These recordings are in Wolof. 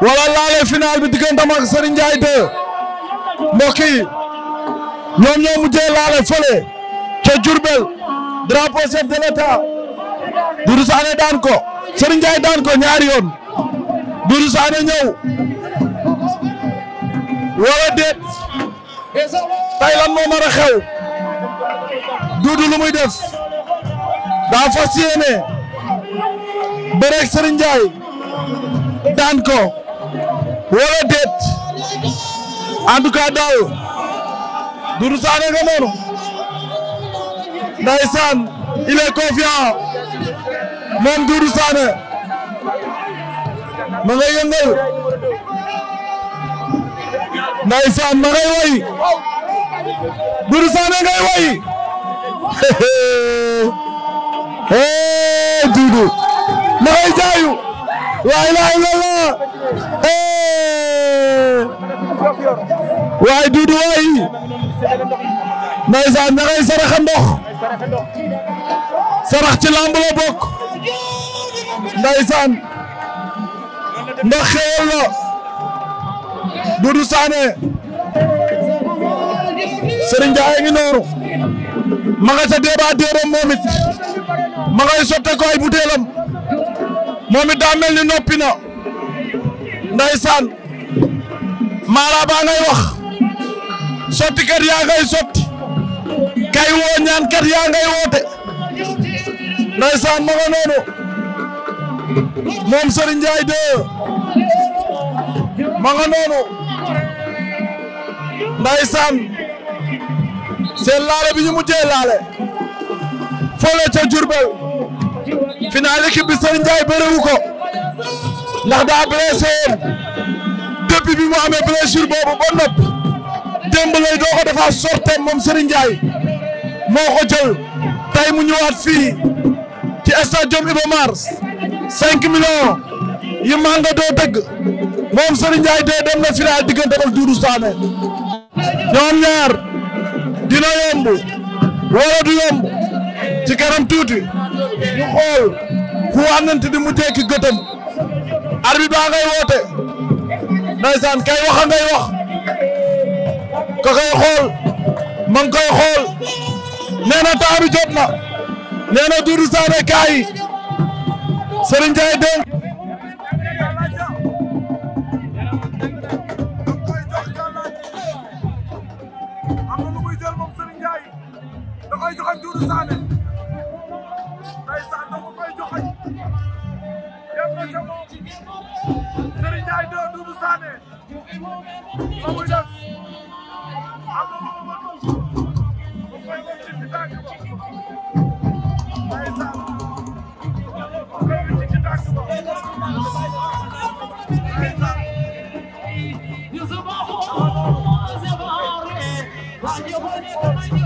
wala laale final bi diggantam ak Serigne Ndiaye 2 mbokk yi ñoom ñoo mujjee laale fële ca Diourbel drapeau chef de l'État Doudou Sané daan ko Serigne Ndiaye daan ko ñaari yoon a xew Doudou lu muy def daa fas wala déet en tout cas daal Doudou Sané nga noonu ndeysaan il est confiant moom Doudou Sané ma ngay yëngal ndeysaan ma ngay way Doudou Sané ngay way eh Doudou ma ngay jaayu la ilaha illallah waaye duudu waay ndeysaan ña ngay saraxa ndox sarax ci lamb la bokk ndeysaan ndox xewal la duudu saane Serigne Ndiaye ngi nooru ma nga ca débat déeram moom ma ngay sotte ko ay butéelam moom it ni noppi na ndeysaan maara baa ngay wax sottikat yaa ngay sotti kay woo ñaankat yaa ngay woote ndeysaan ma nga noonu moom Serigne Ndiaye de ma nga noonu ndeysaan seen laale bi ñu mujjee laale fole ca Diourbel final équipe bi Serigne Ndiaye bërewu ko ndax daa blessé woon depuis bi mu amee blessure boobu ba nopp démb lay doo defaa sorteem moom Serigne moo ko tay mu ñëwaat fii ci stade Iba Mar 5 millions yi Manga doo dëgg moom Serigne Ndiaye de na final diggante ak Doudou Sané ñoom ñaar dina yomb wala du ci kanam tuuti ñu xool fu àndante di mujjee ki gëtëm arbitre baa ngay woote ndaysaan kay waxa ngay wax ka koy xool ma ngi koy xool nee na temps bi jot na nee na Doudou Sané kaay Serigne Ndiaye dénk Serigne Ndiaye doo Doudou Sané You're so bad, you're so bad, you're so bad, you're so bad,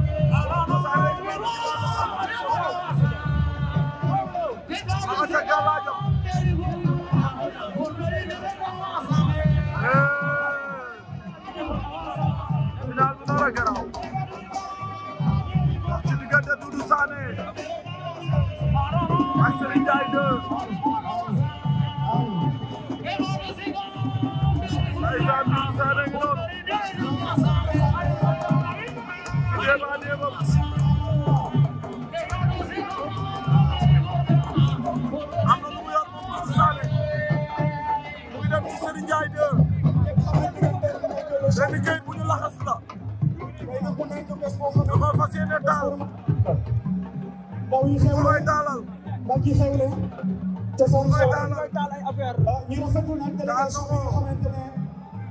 ndeysaan Doudou Sané ngi noonu déeba déeba am na lu mu yor moom Doudou Sané mu ngi dem ci Serigne Ndiaye 2 benn géej bu ñu laxas la da ko fas yéene taal mu koy taalal mu koy taalal daal na ko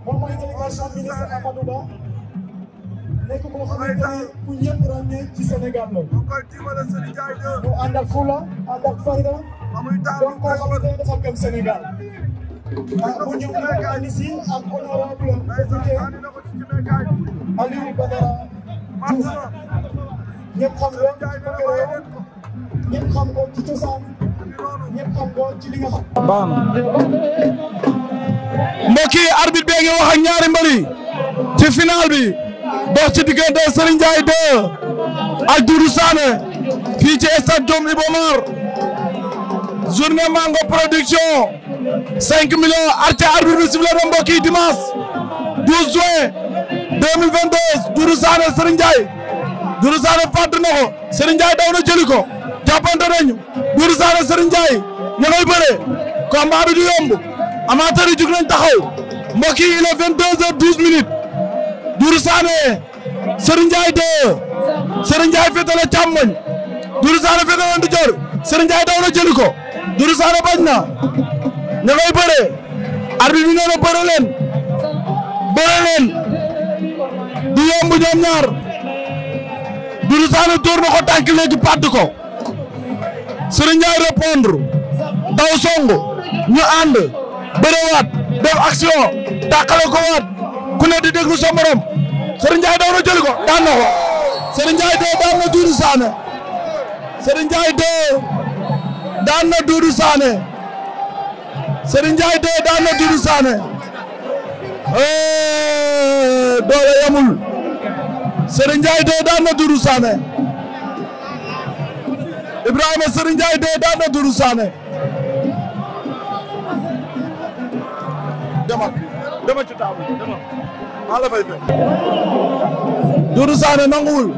moom mooy délégation ministre Amadou Ba nekk koo xamante ne ku ñëpp ci Sénégal la. mu ànd ak fula ànd ak fayda. donc koo xamante ne dafa gëm Sénégal. ah bu ñëw ak honorable député Aliou Badara Diouf ñëpp xam ko ci réew ñëpp xam ko ci cosaan mbokk yi arbitre bee ngi wax ak ñaari mbëri ci final bi dox ci diggante Serigne Ndiaye 2 ak Doudou Sané fii ci stade Diop Iba Mango production 5 millions arte arbitre bi sifflé na mbokk yi dimanche 12 juin 2022 Doudou Sané Serigne Ndiaye Doudou Sané fàtt na ko Serigne daw na jëli ko jàppante nañu Doudou Sané Serigne ña ngay bëre combat bi du yomb amateur yi jug nañ taxaw mbokk yi il est 22h12 minutes Dourou Sané Serigne Ndiaye 2 Serigne Ndiaye féete la càmmoñ Dourou Sané féete la ndijoor daw na jëli ko Dourou Sané bañ na ña ngay bëree arbitre bi nee na bëre leen du yomb ñoom ñaar Dourou Sané dóor na ko tànk léegi pàdd ko Serigne Ndiaye répondre daw songu ñu ànd bërewaat def action tàqale ko waat ku ne di déglu sa morom Serigne Ndiaye daw na jëli ko daan na ko Serigne Ndiaye doo daan na Doudou Sané Serigne Ndiaye doo daan na Doudou Sané Serigne Ndiaye yamul Serigne Ndiaye doo daan na Doudou Sané Ibrahima Serigne Ndiaye doo daan na Doudou Sané demal demal ci taabu demal maa la fay fekk. Doudou Sané nanguwul.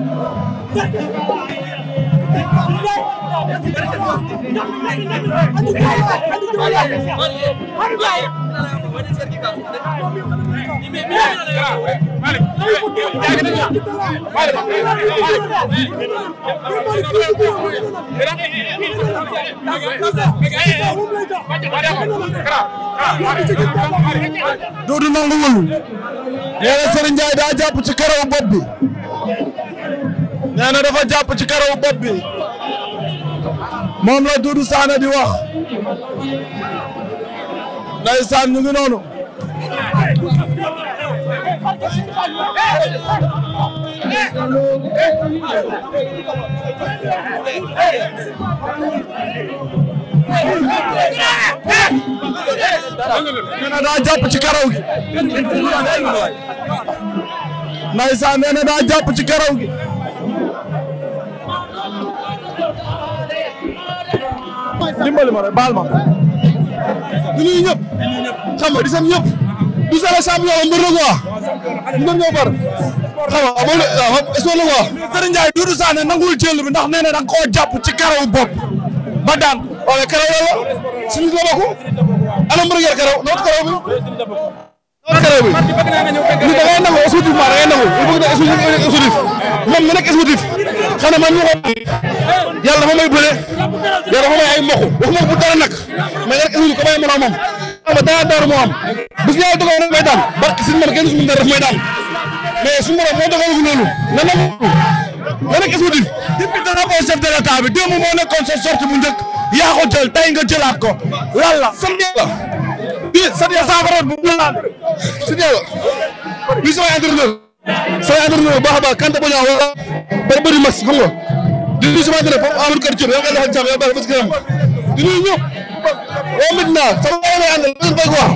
Doudou nanguwul nee na Serigne Ndiaye daa jàpp ci karaw bopp bi dafa jàpp ci karaw bopp moom la Doudou Sané di wax ndeysaan ñu ngi noonu nee na daa jàpp ci karaw gi ndeysaan nee ci karaw gi dimbali ma rek baal ma. di nuyu ñëpp. xam nga di sant ñëpp. du sale champion la mbër la quoi. mbër nga bar. xam na bi ndax nee na da jàpp ci karaw bopp. ba daan wala karaw loolu la suñu la bokk. anam mbër ngeen karaw noot karaw bi. karaw bi li da ngay nangu exclusivement da ngay nangu li bëgg na exclusif man ma nekk exclusif. xam ne man ñu ko yàlla dafa may bëre yàlla dafa may ay mboq waxuma bu dara nag mais rek indi ko may moroomam xam nga dara dara moo am bis yàlla dogal rek may daan barke man kenn suñu dara daf may daan mais su moroom moo dogalul loolu nan la ma nekk exclusif depuis drapeau de l'état bi démb moo nekkoon sa sortie bu ko jël tey nga la sa yàlla saafara bu mu laal sa yàlla bi sama entraîneur affaire bi bu baax a baax Kante Boña wala ba bëri mas xam nga di nuyu sama dina foofu Amadou Kane Diop yow nga defal jàmm yow baax fas kanam di nuyu ñëpp waa Medina sama yow lay àndal ma leen koy wax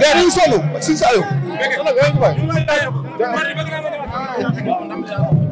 gars dañuy sonn ak suñu saa yow.